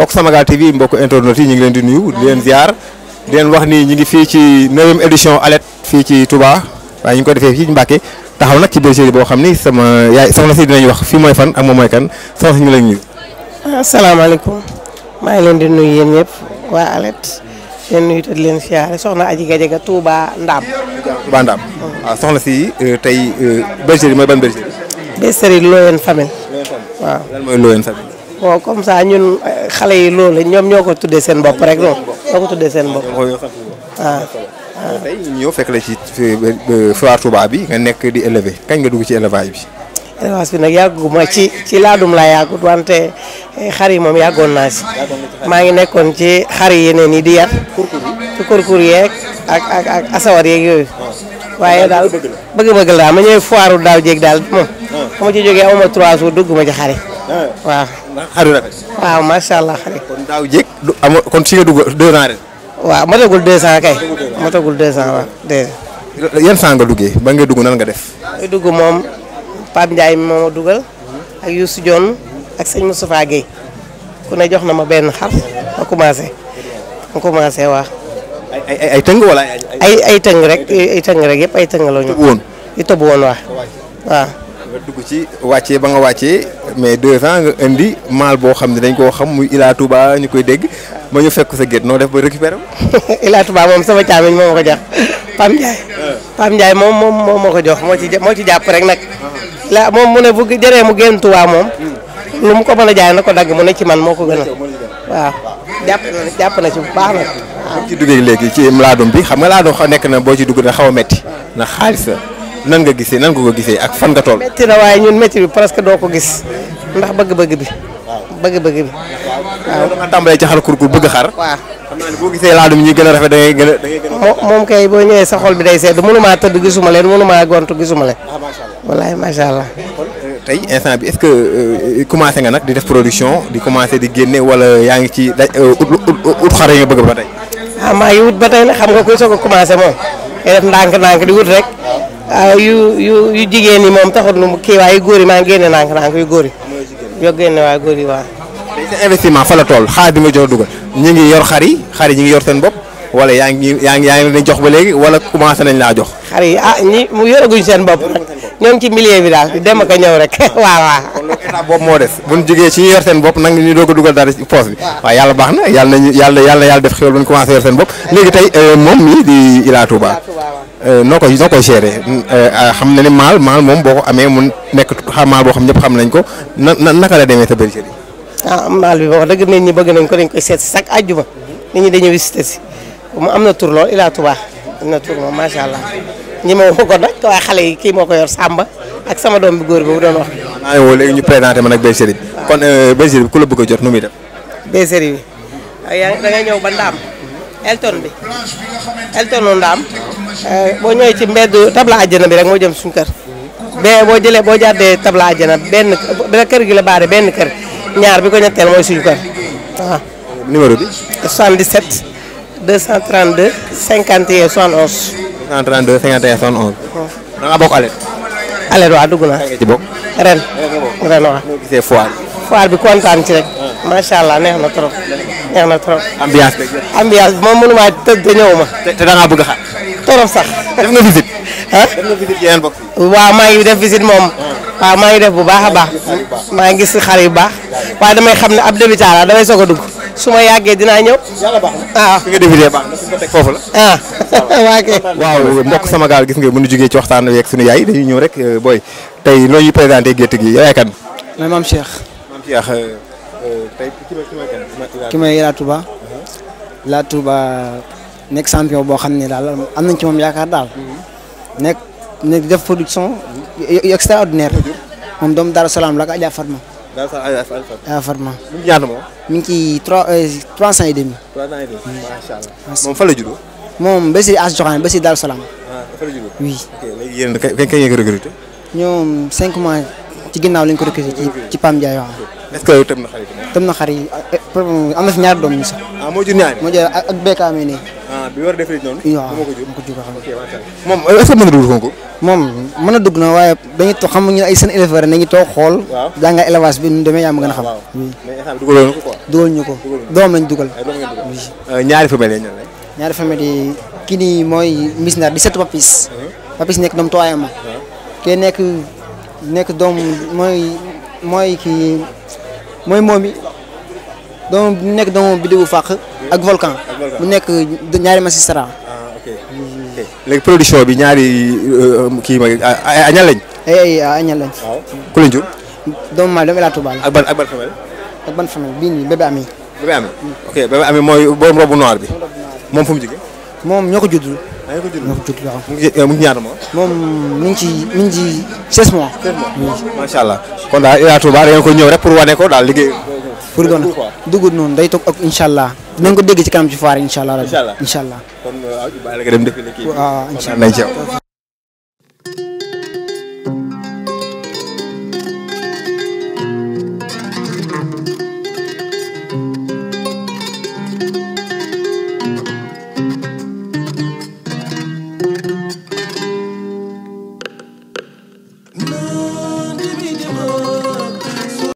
mbokk Samagal TV mbokk internet yi ngi leen di nuyu leen ziar di leen wax ni ñu ngi fii ci neuvième édition Alét fii ci Touba waaye ñu ngi ko defee fii ci Mbacke taxaw nag ci bergerie boo xam ni sama yaay soxna si dinañ wax fii mooy fan ak moom mooy kan soxna si ñu lañ ah, maa ngi leen di nuyu yéen waa Alét leen nuyu te di leen ziar soxna aji gajaga Touba Ndam. Touba Ndam waaw mm. ah, soxna si euh, tey euh, bergerie mooy ban bergerie. bergerie Loyenne Famille. waaw lan mooy Loyenne ñun xale yi loolu ñoom ñoo ko tuddee seen bopp rek noonu ñoo ko tuddee seen bopp waaw ah. tey ñu fekk la ci foire Touba bi nga nekk di élever kañ nga dugg ci élevage bi élevage bi nag yàgguma ci ci laadum laa yàggut wante eh, xar yi moom yàggoon naa si maa ngi nekkoon ci xar yi yeneen yi di yar ci kurkur ak ak ak asawar yooyu ah. waaye daal bëgg-bëgg laa ma ñëw foiru daaw jéeg daal moom ah. ma ci jógee amuma trois jours dugguma ci xar Wah, xaru rafet waaw macha allah xarit kon daaw jéeg du amoo kon si nga dugg deux ans ren waaw matagul deux ay dugal ak Youssou Dione ak sëñ Moustapha Guèye ku ne jox na ma benn xar ma commencé ay ay ay wala ay ay rek ay rek ay nga dugg ci wàccee ba nga wàccee mais deux ans nga indi maal boo xam ne dañ koo xam muy Ila tubaa ñu koy dégg ma ñu fekk sa gétt noo def ba récupéré wu. Ila Touba moom sama caamin moo ma ko jox Pam Ndiaye. Ah. Pam moom moom moom moo ko jox moo ci moo ci jàpp rek nag. Ah. la moom mu ne bu jëree mu génn Touba moom. Hmm. lu mu ko mën a jaay na ko dagg mu ne ci man moo ko gën a. waaw jàpp na jàpp na ci bu baax nag. waaw ci duggee léegi ci laadum bi xam nga laadum nekk na boo ci dugg na xaw a métti. ndax xaalis la nan nga gisee nan ko ko gisee ak fan nga toll. métti na waaye ñun métti bi presque doo ko gis ndax bëgg-bëgg bi. bëgg-bëgg bi. waaw da nga tàmbalee ci xar kurkur bëgg xar. waaw xam naa gën a rafet da ngay gën a da boo ñëwee sa xol bi day sedd mënumaa tëdd gisuma leen mënumaa gontu gisuma leen. ah macha allah walaay macha allah. Euh, tey instant bi est-ce que euh, commencé nga nag di def production di commencé di génne wala yaa ngi ci daj euh, ut xar yi bëgg ba tey. wut ah, ba tey nag xam nga kuy soog a commencé moom. ngay def ndànk-ndànk di wut rek. waaw ah, yu yu yu jigéen yi moom taxul mu kii waaye yu góor yi maa ngi génne nànk nànk yu góor yi. yoo génne waaye góor yi waaw. fa la toll xaalis bi ma jox dugal ñu ngi yor xar yi xar yi ñu ngi yor seen bopp wala yaa ngi yaa ngi yaa jox ba léegi wala commencé nañ laa jox. xar yi ah ñi mu seen bopp nag ci milieu bi daal dem ak ñëw rek étape boobu moo des bu ñu ci yor seen bopp nag ñu doog a dugal dara ci bi waaw yàlla baax na yàlla yàlla def xéwal ba euh, na ni maal maal boo ko amee mu nekk maal boo xam ñëpp xam nañ ko na na la demee sa bergerie yi ah maal bi wax dëgg nit ñi bëgg nañ ko dañ koy seet si chaque àjjuma mhm. nit ñi dañuy visité si mu am na tur lool Ila Touba am na tur moom macha allah ñi ma woo ko nag waaye xale yi kii moo ko yor Samba ak sama doom bi góor bi mu doon wax maa ngi woo léegi ñu présenté ma nag bergerie bi kon euh, bergerie bi ku la bëgg a jot nu muy def. bergerie bi. Ah, yaa da ngay bi. Elton u Ndaam. Euh, boo ñëwee ci mbedd tabla àjjana bi rek moo jëm suñu kër. bee boo jëlee boo jàddee tabla àjjana benn kër gi la baare benn kër ñaar bi ko ñetteel mooy suñu kër waaw. numéro bi. 77 232 51 71. 232 51 71. da ngaa bokk Alé. alal waaw dugg naa. ci bokk ren. ren waaw. noo bi. kontaan ci rek. macha allah neex na trop. neex na trop. ambiance bi. ambiance bi moom mënumaa tëdd te ñëwuma. te te da ngaa bëgg a xaar. trop sax. def nga visite. ah waaw maa ngi def visite moom. Hmm. waaw maa ngi def bu baax a baax. maa ngi gis xar yu baax. waaye damay xam ne ab débutant a damay soog a dugg. su ma yàggee dinaa ñëw. Ah. foofu la. ah waa kay. waaw mbokk sama gaal gis nga bu ñu ci waxtaan wi ak suñu yaay dañuy ñëw rek euh, booy tey loo ñuy présenté gerte gi yaay kan. mooy maam Cheikh. maam Cheikh euh, euh, tey ki may ki Touba. Uh-huh. Ila Touba nekk champion boo xam ne daal am nañ ci moom yaakaar daal. Uh-huh. nekk def production extraordinaire moom doomu Darou Salaam la ak Fatma. daal sax ay ay Fatma. mi ngi ñaata moom. mi ngi ci trois euh, trois ans et demi. trois moom fan la juddoo. moom ba si as joxaan ba si Daal Salaam. ah fan la juddoo. oui ok ko recruté. ñoom cinq mois ci ginnaaw lañ ko recruté ci ci Pam Ndiaye waaw. est-ce que na xar yi. na xar yi am na fi ñaari doom ñu sax. ah moo jur ñaari. moo jur ak ak amee ne. Ah, bi war a def rek noonu. waaw moo ko jur moo ko jur ko xam. ok macha allah moom est-ce na dugg concours. moom mën a dugg na waaye dañuy toog xam ñu ay seen éleveur nañu toog xool. waaw jàngal élevage bi nu demee yaa ma gën a xam. dugaloo ko quoi. dugal ñu ko doom lañ dugal. Euh, ñaari femelles yi ñaari femelles yi kii nii mooy Miss Ndar di setu papis. Uh-huh. papis nekk doom tooyam ma. Uh-huh. kii nekk nekk doom mooy mooy kii mooy moom yi doom nekk doomu biddewu fàq. ak volcan. mu nekk ñaari masistara. léegi production bi ñaari euh, kii ma a añal lañ. ay ku lañ doomu maa doomu El Hadj ak ban ak bii nii bébé Ami. Ami ok bébé Ami mooy borom robu noir bi. moom fu mu jógee. moom ñoo ko judd. Ah, ñoo ko judd ñoo ko judd waaw. mu ngi eh, mu ngi ñaata mois. moom mi ngi ci mi ngi ci 16 mois. 16 mois macha allah. kon daal El Hadj Touba da ngeen ko ñëw rek pour wane ko daal liggéey. pour gën a dugub noonu day toog ak incha allah dinañ dégg ci kanam ci faar incha allah. incha allah incha allah kon euh, waaw bàyyi la